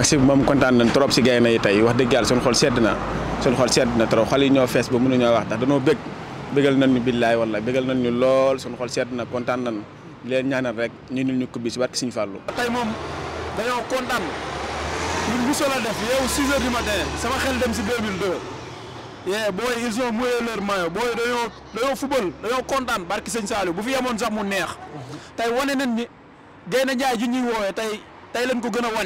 match bi moom kontaan nañ trop si gaynde yi tey wax dëgg yàlla suñu xol sedd na suñu xol sedd na trop xale yi ñoo fees ba mënuñoo wax ndax danoo bëgg bëggal nañ billaay wala bëggal nañ lool suñu xol sedd na kontaan nañ leen ñaanal rek ñu nil ñu kubbi si barke Sëñ Fallou tey moom dañoo kontaan ñun bu solo def yow 6 heures du matin sama xel dem si 2002 yee booy ils ont mouillé leur maillot booy dañoo dañoo fubal dañoo kontaan barke Sëñ Saliou bu fi yemoon sax mu neex mhm. tey wane nañ ko gën a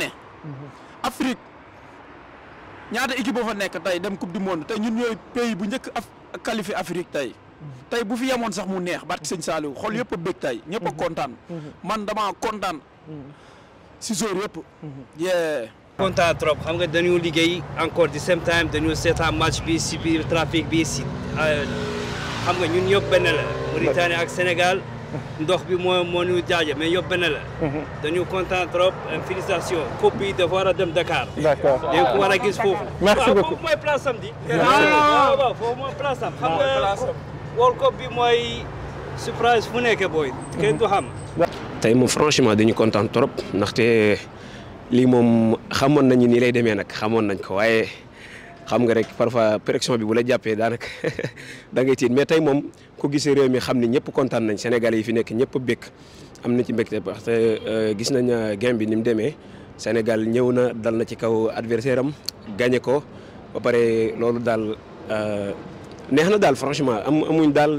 Afrique ñaata équipe boo fa nekk tey dem coupe du monde tey ñun ñooy pays bu njëkk af qualifié Afrique tey. tey bu fi yemoon sax mu neex barki sëñ Saliou xol yëpp a bég tey ñëpp a mhm. kontaan. Mhm. man damaa kontaan. Mhm. si jour yëpp. yee. kontaan trop xam nga dañu liggéey encore di same time dañu seetaan match bi si biir trafic bi si euh, xam nga ñun ñëpp benn la. Mauritanie ak Sénégal. ndox bi moo moo ñu jaaje mais yóbbu la. Mhm. dañu content trop euh, félicitation coupe yi dafa war a dem Dakar. d' accord dañ ko war a gis foofu. merci beaucoup waaw foofu mooy place samedi. waaw am. surprise fu nekkee kenn du xam. tey mu franchement dañu content trop ndaxte lii moom xamoon nañu ni lay demee nag xamoon nañ ko waaye. xam nga rek parfois pression bi bu la jàppee daanaka da ngay tiit mais tey moom ko gisee réew mi xam ni ñëpp kontaan nañ sénégal yi fi nekk ñëpp békk am na ci mbégte parce que euh, gis nañ euh, game bi ni mu demee Sénégal ñëw na dal na ci kaw adversaire am gagné ko ba pare loolu daal euh, neex na daal franchement am amuñ daal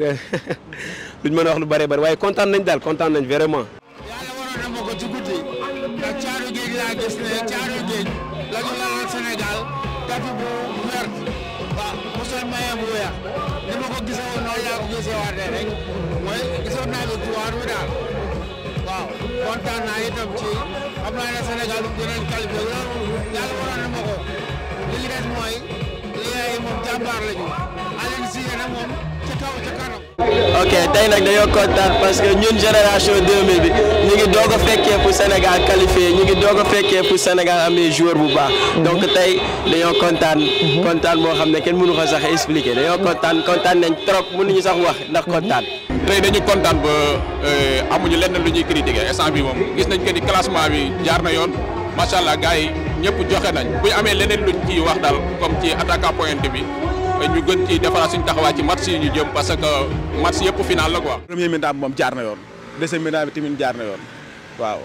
luñ mën a wax lu bëree bëri waaye kontaan nañ daal kontaan nañ vraiment. yàlla waroon na ma ko ci guddi ndax caaru géej laa gis ne caaru géej la ñu kati bu vert waaw mosul maye bu ni ma ko gisee woon noonu laa ko mooy gisoon naa ko tuwaar bi daal waaw kontaan naa itam ci xam naa ne Sénégal bu gënoon qualifié loolu yàlla waroon na ma mooy li yaay moom jàmbaar lañu Aliou Cissé nag moom ca kaw ca kanam. ok tey nag dañoo kontaan parce que ñun génération 2000 bi ñu ngi doog a fekkee pour Sénégal qualifié ñu ngi doog a fekkee pour Sénégal amee joueur bu baax. Mhm. donc tey dañoo kontaan. Mhm. kontaan moo xam ne kenn mënu ko sax expliquer dañoo kontaan kontaan nañ trop mënuñu sax wax ndax kontaan. tey dañu kontaan ba eh, amuñu lenn lu ñuy critiquer instant bi moom gis nañ que ni classement bi jaar na yoon macha allah gars yi ñëpp joxe nañ bu ñu amee leneen luñ ciy wax daal comme ci attaque à bi. ñu gën ci defaraat suñu taxawaay ci match yi ñu que match yëpp final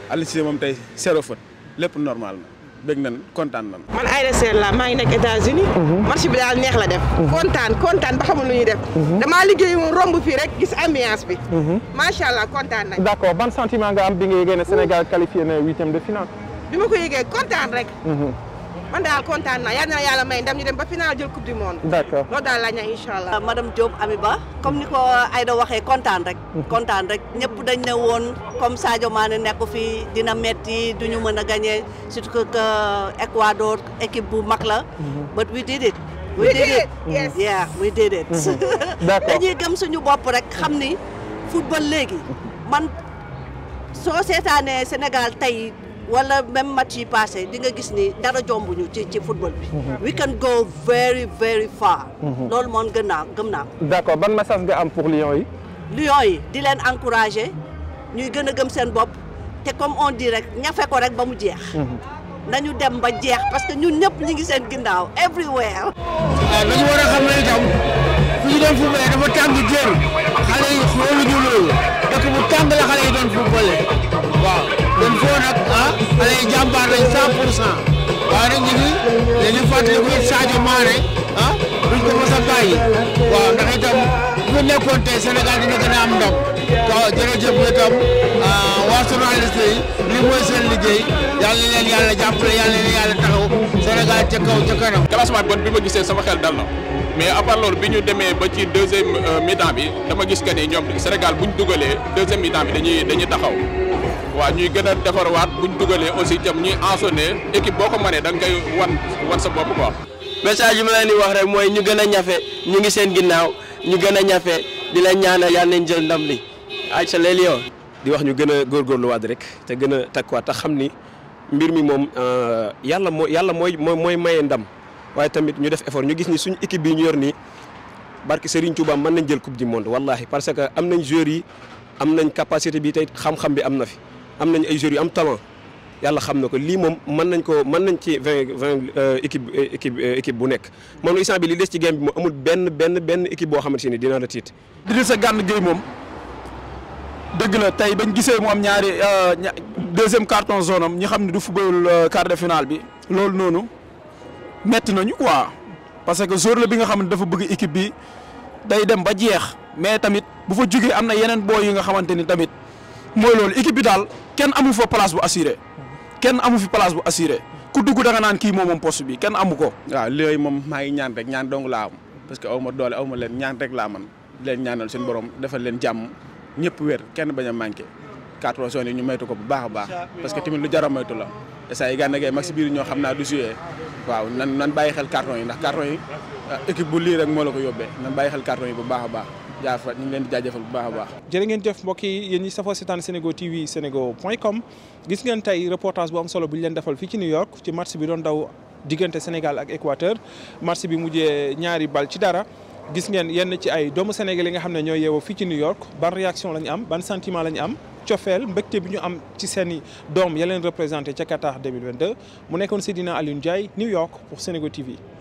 la lépp normal na bëgg kontaan nañ. man Aïda Sène la maa ngi nekk États-Unis mhm. marché bi daal neex la def. Mhm. kontaan kontaan ba xamul lu ñuy def. Mhm. damaa liggéey mu romb fii rek gis ambiance bi. macha allah kontaan nañ. d'accord ban sentiment nga am bi nga yëgee Sénégal qualifié na huitième de finale. bi ma ko yëgee kontaan rek. man daal kontaan naa yal na yàlla may ndam ñu dem ba final jël coupe du monde. d' accord loolu daal laaj na incha allah. Euh, madame Diop Amiba comme ni ko Aïda waxee kontaan rek. Mhm. kontaan rek ñëpp dañ ne woon comme Sadio Mané nekk fii dina metti du ñu mën a gagné surtout que Ecuador équipe bu mag la. Mhm. but we did it. we dañuy gëm suñu bopp rek xam ni football léegi man soo seetaanee Sénégal tey. wala même match yi passé di nga gis ni dara jombuñu ci ci football bi. we can go very very far. loolu moom gën naa gëm naa ko. d'accord ban message nga am pour Lions yi. Lions yi di leen encourager ñuy gën a gëm seen bopp te comme on dit rek ñafe ko rek ba mu jeex. nañu dem ba jeex parce que ñu ñëpp ñu ngi seen ginnaaw everywhere. waaw dañu war a xam ne itam fi ñu doon football dafa tàng jër xale yi xooluñu loolu dëkk bu tàng la xale yi doon football waaw. dem foo nag ah xale yi jàmbaar lañ 100 pour cent waaye nag ñu ngi dañuy fàttaliku a Sadio Mané ah duñ ko mos a bàyyi waaw ndax itam bu fi nekkoon tey Sénégal dina gën a am ndam waaw jërëjëf itam ah, waa journaliste yi lii mooy seen liggéey yàlla leen yàlla jàppale yàlla leen yàlla taxaw Sénégal ca kaw bi bon bi ma gisee sama xel dal na. mais à loolu bi ñu demee ba ci deuxième euh, mi-temps bi dama gis que ni ñoom Sénégal bu ñu dugalee deuxième mi bi dañuy dañuy taxaw waaw ñuy gën a defarwaat bu ñu dugalee aussi itam ñuy ensonné équipe boo ko mënee danga nga koy wan wan sa bopp quoi. message bi ma leen di wax rek mooy ñu gën a ñafe ñu ngi seen ginnaaw ñu gën a ñafe di leen ñaanal yàlla nañ jël ndam li ayca les lions. di wax ñu gën a góorgóorluwaat rek te gën a takkuwaat te xam ni mbir mi moom euh, yàlla moo yàlla mooy mooy maye waaye tamit ñu def effort ñu gis ni suñu équipe bi ñu yor nii barki Serigne Touba mën nañ jël coupe du monde wallahi parce que am nañ joueurs yi am nañ capacité bi tey xam-xam bi am na fi am nañ ay joueurs am talent yàlla xam na ko lii moom mën nañ ko mën nañ ci vingt vingt euh, équipe euh, euh, équipe bu nekk moom instant bi lii des ci game bi moom amul benn benn benn boo xamante ne dina la tiit. Idrissa Gana Gueye moom dëgg la tey bañ gisee mu am ñaari deuxième carton zone am ñu xam ne du football quart de finale bi loolu noonu. metti nañu quoi parce que jour la bi nga xam ne dafa bëgg équipe bi day dem ba jeex mais tamit bu fa jógee am na yeneen boo yi nga xamante ni tamit mooy loolu équipe bi daal kenn amu fa place bu assuré kenn amu fi place bu assuré ku dugg da naan kii moom moom poste bi kenn amu ko. waaw léegi moom maa ngi ñaan rek ñaan dong laa am parce que aw ma doole aw ma leen ñaan rek laa man leen ñaanal seen borom defal leen jàmm ñëpp wér kenn bañ a manqué quatre zones yi ñu moytu ko bu baax a baax parce que tamit lu jar a la. saa yi Gana Gueye mag si biir ñoo xam naa du joué waaw nan nan xel carton yi ndax carton yi euh, équipe bu lii rek moo la ko yóbbee nan bàyyi xel carton yi bu baax a baax jaafat ñu ngi leen di jaajëfal a baax. jërë ngeen jëf mbokk yi yéen ñi safoo seetaan Senego TV Senego point com gis ngeen tey reportage bu am solo bu ñu leen defal fii ci New York ci match bi doon daw diggante Sénégal ak Équateur match bi mujjee ñaari bal ci dara. gis ngeen yenn ci ay doomu Sénégal yi nga xam ne ñoo yeewoo fii ci New York la ñu am ban sentiment la am. cofeel mbégte bi ñu am ci seen i doom ya leen représenté ca Qatar 2022 mu nekkoon Seydina Alioune Ndiaye New York pour Senego TV